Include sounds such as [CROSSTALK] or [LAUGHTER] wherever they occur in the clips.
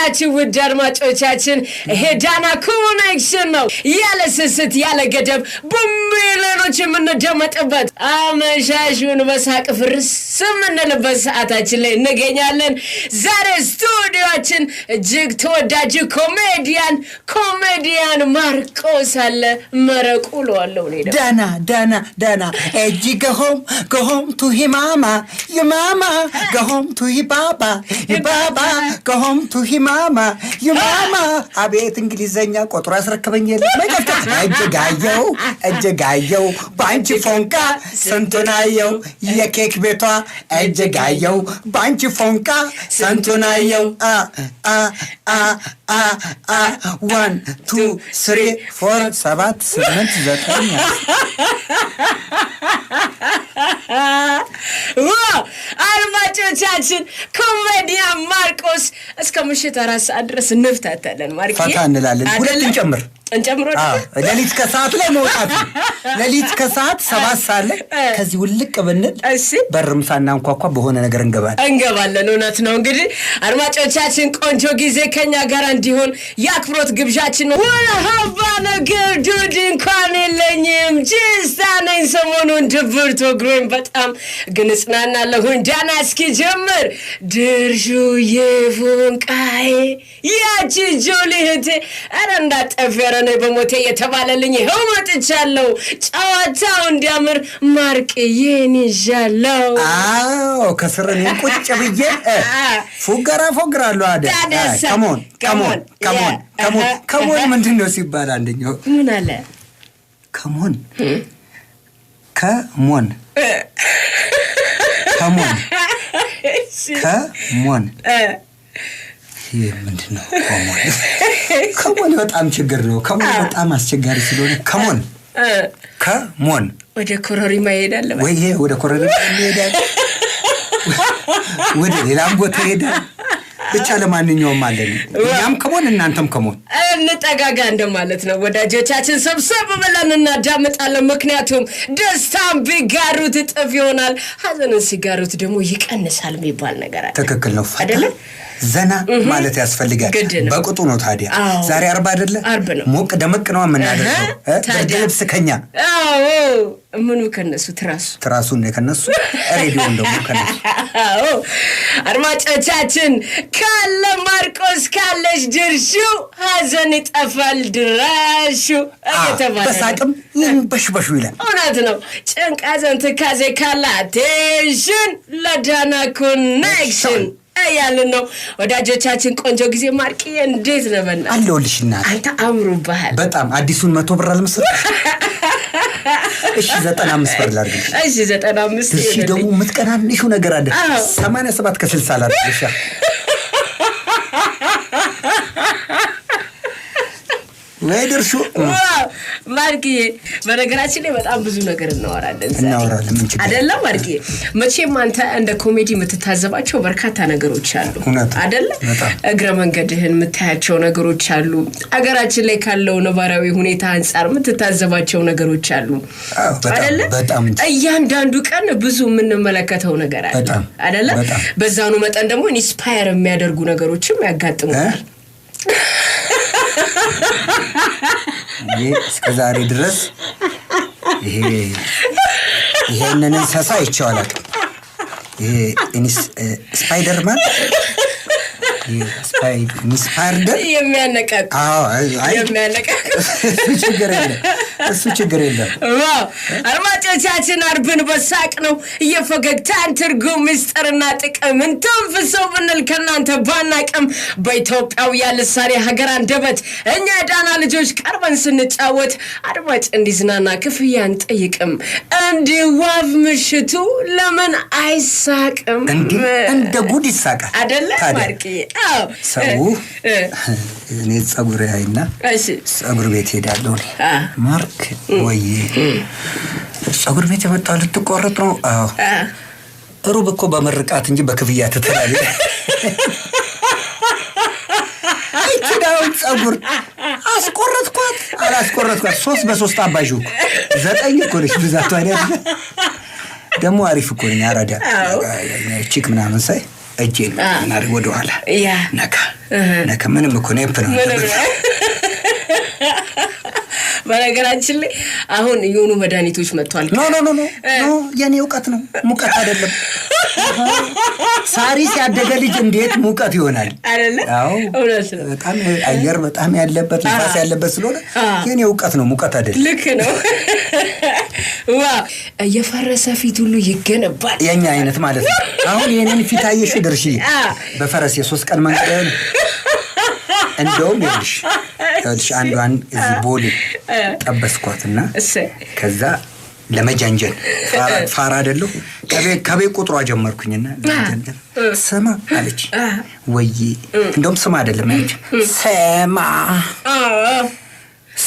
ናችሁ ውድ አድማጮቻችን? ሄዳና ኮኔክሽን ነው ያለ ስስት ያለ ገደብ ቡሚሊዮኖች የምንደመጥበት አመሻሹን በሳቅ ፍርስ ስምንልበት ሰዓታችን ላይ እንገኛለን። ዛሬ ስቱዲዮችን እጅግ ተወዳጅ ኮሜዲያን ኮሜዲያን ማርቆስ አለ መረቁ ለዋለው ደና ደና ደና እጅ ገሆም ገሆም ቱ ማማ የማማ ገሆም ቱሂ ይባባ የባባ ገሆም ቱሂ ዩማማ ዩማማ አቤት እንግሊዘኛ ቆጥሮ ያስረከበኝ የለ መጨፍጨፍ እጅጋየው እጅጋየው በአንቺ ፎንቃ ስንቱናየው የኬክ ቤቷ እጅጋየው በአንቺ ፎንቃ ስንቱናየው ዋን ቱ ስሪ ፎር ሰባት ስምንት ዘጠኝ [LAUGHS] አድማጮቻችን ኮሜዲያን ማርቆስ እስከ ምሽት አራት ሰዓት ድረስ እንፍታታለን። ማርቆስ ፈታ እንላለን። ሁለት ጨምር ጨምሮ ሌሊት ከሰዓት ላይ መውጣት ሌሊት ከሰዓት ሰባት ሰዓት ላይ ከዚህ ውልቅ ብንል በርም ሳናንኳኳ በሆነ ነገር እንገባለን እንገባለን። እውነት ነው። እንግዲህ አድማጮቻችን ቆንጆ ጊዜ ከኛ ጋር እንዲሆን የአክብሮት ግብዣችን ነው። ወረሀባ ነገር ዱድ እንኳን የለኝም ጅሳ ነኝ። ሰሞኑን ድብርት ወግሮኝ በጣም ግን እጽናናለሁኝ። ዳና እስኪ ጀምር ድርሹ የፎንቃዬ ያቺ ጆሊህቴ ረ ኧረ እንዳጠፍ ኧረ ነው በሞቴ የተባለልኝ ይኸው መጥቻለሁ። ጨዋታው እንዲያምር ማርቅዬን ይዣለሁ። አዎ ከስር እኔም ቁጭ ብዬ ፉገራ ፎግራሉ አደ ከሞን ከሞን ከሞን ከሞን ከሞን ምንድን ነው ሲባል አንደኛው ምን አለ ከሞን ከሞን ከሞን ከሞን ምንድን ነው ከሞን ከሞን በጣም ችግር ነው። ከሞን በጣም አስቸጋሪ ስለሆነ ከሞን ከሞን ወደ ኮረሪማ ይሄዳል ወይ ወደ ኮረሪማ ይሄዳል ወደ ሌላም ቦታ ይሄዳል። ብቻ ለማንኛውም አለን እኛም ከሞን እናንተም ከሞን እንጠጋጋ እንደማለት ነው። ወዳጆቻችን ሰብሰብ ብለን እናዳምጣለን። ምክንያቱም ደስታን ቢጋሩት እጥፍ ይሆናል፣ ሀዘንን ሲጋሩት ደግሞ ይቀንሳል የሚባል ነገር አለ። ትክክል ነው አይደለም? ዘና ማለት ያስፈልጋል። በቁጡ ነው ታዲያ። ዛሬ አርብ አይደለ? ሞቅ ደመቅ ነው የምናደርገው። ልብስ ከኛ ምኑ ከነሱ ትራሱ ትራሱ ከነሱ ሬዲዮን ደግሞ ከነሱ። [LAUGHS] አድማጮቻችን ካለ ማርቆስ ካለሽ ድርሹ ሀዘን ይጠፋል ድራሹ እየተባለ በሳቅም በሽበሹ ይላል። እውነት ነው። ጭንቅ፣ ሀዘን፣ ትካዜ ካለ አቴንሽን ለዳና ኮኔክሽን ያልን ነው ወዳጆቻችን። ቆንጆ ጊዜ ማርቅዬ፣ እንዴት ነው? በእናትህ አለሁልሽ እናቴ። አንተ አምሮብሃል በጣም አዲሱን መቶ ብር አልመሰለህ? [LAUGHS] እሺ ዘጠና አምስት ብር ላድርግልሽ። እሺ ዘጠና አምስት እሺ። ደግሞ የምትቀናንሹ ነገር አለ። ሰማንያ ሰባት ከስልሳ ላድርግልሽ ላይ ደርሶ በነገራችን ላይ በጣም ብዙ ነገር እናወራለን እናወራለን መቼ ማንተ መቼም አንተ እንደ ኮሜዲ የምትታዘባቸው በርካታ ነገሮች አሉ አደለ? እግረ መንገድህን የምታያቸው ነገሮች አሉ። አገራችን ላይ ካለው ነባራዊ ሁኔታ አንጻር የምትታዘባቸው ነገሮች አሉ አደለ? እያንዳንዱ ቀን ብዙ የምንመለከተው ነገር አለ አደለ? በዛኑ መጠን ደግሞ ኢንስፓየር የሚያደርጉ ነገሮችም ያጋጥሙል። እስከ ዛሬ ድረስ ይሄንን እንስሳ ይቸዋላል። ስፓይደርማን ሚስ ፓርደር የሚያነቃ ችግር የለም። እሱ ችግር የለም። አድማጮቻችን፣ አርብን በሳቅ ነው የፈገግታን ትርጉም ምስጢርና ጥቅም እንተንፍሰው ብንል ከእናንተ ባናቅም በኢትዮጵያውያን ልሳኔ ሀገር አንደበት እኛ የዳና ልጆች ቀርበን ስንጫወት አድማጭ እንዲዝናና ክፍያ አንጠይቅም። እንዲዋብ ምሽቱ ለምን አይሳቅም? እንደ ጉድ ይሳቃል አደለ ማርቅ ሰው እኔ ጸጉር ያይና ጸጉር ቤት ሄዳለሁ ማር ልክ ወይ ጸጉር ቤት የመጣ ልትቆረጥ ነው? አዎ ሩብ እኮ በምርቃት እንጂ በክፍያ ትተላለ። ይችዳውን ጸጉር አስቆረጥኳት አላስቆረጥኳት፣ ሶስት በሶስት አባዥ እኮ ዘጠኝ እኮ ነች ብዛቷ። ደግሞ አሪፍ እኮ ነኝ። አራዳ ቺክ ምናምን ሳይ እጄ ምናምን ወደኋላ ነካ ነካ ምንም እኮ ነው በነገራችን ላይ አሁን የሆኑ መድኃኒቶች መጥቷል። ኖ ኖ ኖ የኔ እውቀት ነው፣ ሙቀት አይደለም። ሳሪስ ያደገ ልጅ እንዴት ሙቀት ይሆናል? በጣም አየር በጣም ያለበት ንፋስ ያለበት ስለሆነ የኔ እውቀት ነው፣ ሙቀት አይደለም። ልክ ነው። [LAUGHS] ዋ የፈረሰ ፊት ሁሉ ይገነባል። የኛ አይነት ማለት ነው። አሁን የኔን ፊት አየሽ ድርሽ በፈረስ የሶስት ቀን መንገድ እንደውም ይኸውልሽ ይኸውልሽ አንዷን እዚህ ቦሌ ጠበስኳትና ከዛ ለመጃንጀን ፋራ አይደለሁ ከቤት ቁጥሯ ጀመርኩኝና ለመጃንጀን ስማ አለች። ወይ እንደውም ስማ አይደለም ያች ስማ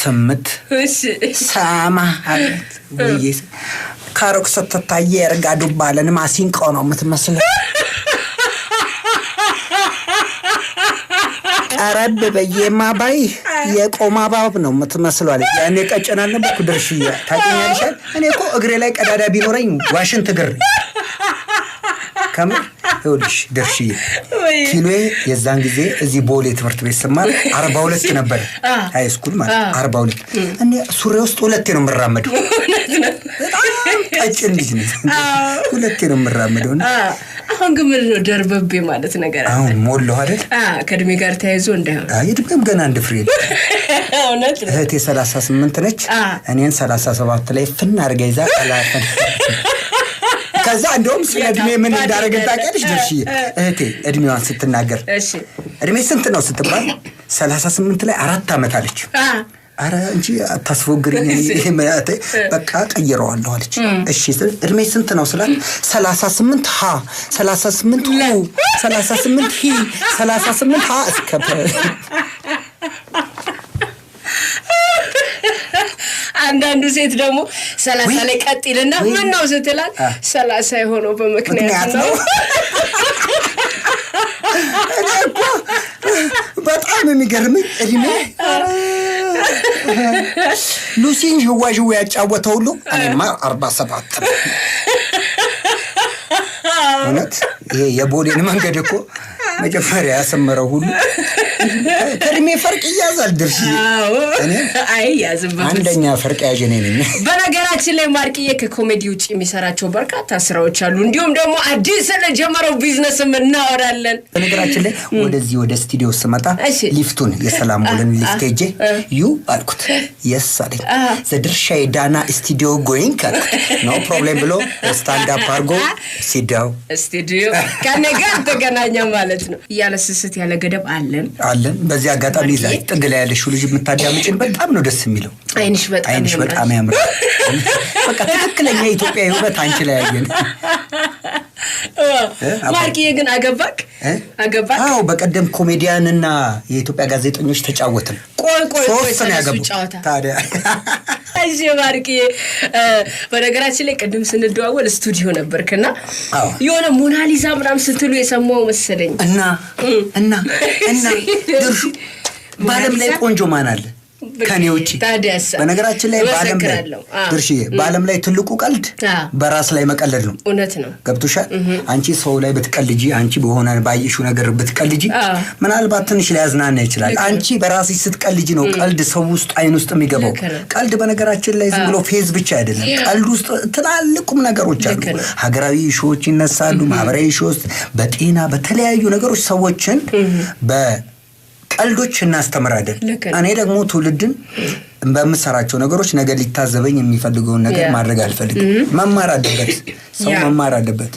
ስምት ሰማ አለት። ወይ ካሮክ ስትታይ የእርጋ ዱባለን ማሲንቆ ነው የምትመስለው። ቀረብ በየማ ባይ የቆማ ባብ ነው የምትመስሏል። ያኔ ቀጭን አልነበርኩ ድርሽያ ታገኛልሻል። እኔ እኮ እግሬ ላይ ቀዳዳ ቢኖረኝ ዋሽንት ትግር ከምር ይኸውልሽ ድርሽዬ ኪሎዬ የዛን ጊዜ እዚህ ቦሌ ትምህርት ቤት ስማር አርባ ሁለት ነበር ሃይ ስኩል ማለት አርባ ሁለት እኔ ሱሬ ውስጥ ሁለቴ ነው የምራመደው። በጣም ቀጭን ልጅ ነኝ። ሁለቴ ነው የምራመደው እና አሁን ግን ምንድነው ደርበቤ ማለት ነገር አሁን ሞላሁ አይደል? ከእድሜ ጋር ተያይዞ እንዳይሆን እድሜም ገና አንድ ፍሬ [LAUGHS] እውነት እህቴ ሰላሳ ስምንት ነች። እኔን ሰላሳ ሰባት ላይ ፍና አድርጋ ይዛ ቀላፈን [LAUGHS] ከዛ እንደውም ስለ እድሜ ምን እንዳደረግን ታውቂያለሽ? ደርሽዬ እህቴ እድሜዋን ስትናገር እድሜ ስንት ነው ስትባል ሰላሳ ስምንት ላይ አራት ዓመት አለች። አረ እንጂ አታስፎግሪኝ በቃ ቀይረዋለሁ አለች። እሺ እድሜ ስንት ነው ስላት ሰላሳ ስምንት ሀ ሰላሳ ስምንት ሁ ሰላሳ ስምንት ሂ ሰላሳ ስምንት ሀ እስከ አንዳንዱ ሴት ደግሞ ሰላሳ ላይ ቀጥ ይልና ምን ነው ስትላል ሰላሳ የሆነው በምክንያት ነው። በጣም የሚገርምኝ እድሜ ሉሲን ዥዋዥዌ ያጫወተው ሁሉ እኔማ አርባ ሰባት እውነት ይሄ የቦሌን መንገድ እኮ መጀመሪያ ያሰመረው ሁሉ ከእድሜ ፈርቅ እያዛል ድርሽ አንደኛ ፈርቅ ያዥ እኔ ነኝ። በነገራችን ላይ ማርቅዬ ከኮሜዲ ውጭ የሚሰራቸው በርካታ ስራዎች አሉ። እንዲሁም ደግሞ አዲስ ስለጀመረው ቢዝነስም እናወራለን። በነገራችን ላይ ወደዚህ ወደ ስቱዲዮ ስመጣ ሊፍቱን የሰላም ሞልን ሊፍት ሄጄ ዩ አልኩት፣ የስ አለኝ። ዘድርሻ የዳና ስቱዲዮ ጎይንግ አልኩት። ኖ ፕሮብሌም ብሎ ስታንድ አፕ አድርጎ ስቱዲዮ ከነገር ተገናኘ ማለት ነው። እያለ ስስት ያለ ገደብ አለን ካለን በዚህ አጋጣሚ ዛ ጥግ ላይ ያለሽ ልጅ የምታዳምጭን በጣም ነው ደስ የሚለው። አይንሽ በጣም ያምራል። በቃ ትክክለኛ ኢትዮጵያ ውበት አንቺ ላይ ያየን። ማርቅዬ ግን አገባክ አገባክ? አዎ በቀደም ኮሜዲያን እና የኢትዮጵያ ጋዜጠኞች ተጫወትን። ቆይ ቆይ ቆይ፣ ስለሱ ታዲያ እሺ ማርቅዬ፣ በነገራችን ላይ ቅድም ስንደዋወል ስቱዲዮ ነበርክና የሆነ ሞናሊዛ ምናምን ስትሉ የሰማው መሰለኝ እና እና እና ድርሹ በዓለም ላይ ቆንጆ ማን አለ? ከኔ ውጭ በነገራችን ላይ በዓለም ላይ ድርሽዬ በዓለም ላይ ትልቁ ቀልድ በራስ ላይ መቀለድ ነው። እውነት ነው። ገብቶሻል። አንቺ ሰው ላይ ብትቀልጂ፣ አንቺ በሆነ ባየሽው ነገር ብትቀልጂ ምናልባት ትንሽ ሊያዝናና ይችላል። አንቺ በራስሽ ስትቀልጂ ነው ቀልድ ሰው ውስጥ አይን ውስጥ የሚገባው። ቀልድ በነገራችን ላይ ዝም ብሎ ፌዝ ብቻ አይደለም። ቀልድ ውስጥ ትላልቁም ነገሮች አሉ። ሀገራዊ ሾዎች ይነሳሉ፣ ማህበራዊ ውስጥ፣ በጤና በተለያዩ ነገሮች ሰዎችን በ ቀልዶች እናስተምራለን። እኔ ደግሞ ትውልድን በምሰራቸው ነገሮች ነገ ሊታዘበኝ የሚፈልገውን ነገር ማድረግ አልፈልግም። መማር አለበት፣ ሰው መማር አለበት፣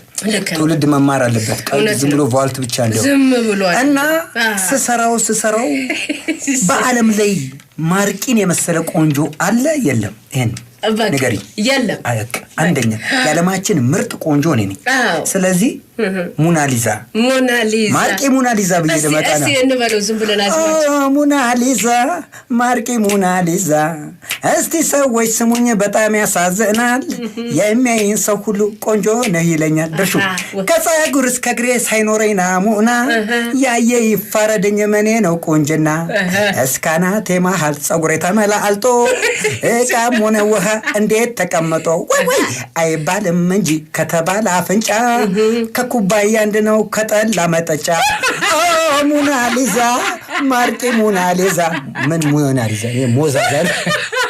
ትውልድ መማር አለበት። ቀልድ ዝም ብሎ ቫልት ብቻ እንደው እና ስሰራው ስሰራው [LAUGHS] በዓለም ላይ ማርቂን የመሰለ ቆንጆ አለ የለም ይሄን ንገሪ። የለም አንደኛ የዓለማችን ምርጥ ቆንጆ እኔ ነኝ። ስለዚህ ሙናሊዛ ማርቄ ሙናሊዛ ብዬ ልመጣ ነው። ሙናሊዛ ማርቄ ሙናሊዛ እስቲ ሰዎች ስሙኝ፣ በጣም ያሳዝናል። የሚያይን ሰው ሁሉ ቆንጆ ነህ ይለኛል። ድርሹ ከፀጉር እስከ እግሬ ሳይኖረኝ ናሙና ያየ ይፋረድኝ፣ መኔ ነው ቆንጅና እስካናቴ መሃል መሀል ፀጉሬ ተመላልጦ እቃም ሆነ ውሃ እንዴት ተቀምጦ ወይ አይባልም እንጂ ከተባለ አፍንጫ ከኩባያ አንድ ነው ከጠላ መጠጫ ሙናሊዛ ማርቂ ሙናሊዛ ምን ሙናሊዛ ሞዛዛ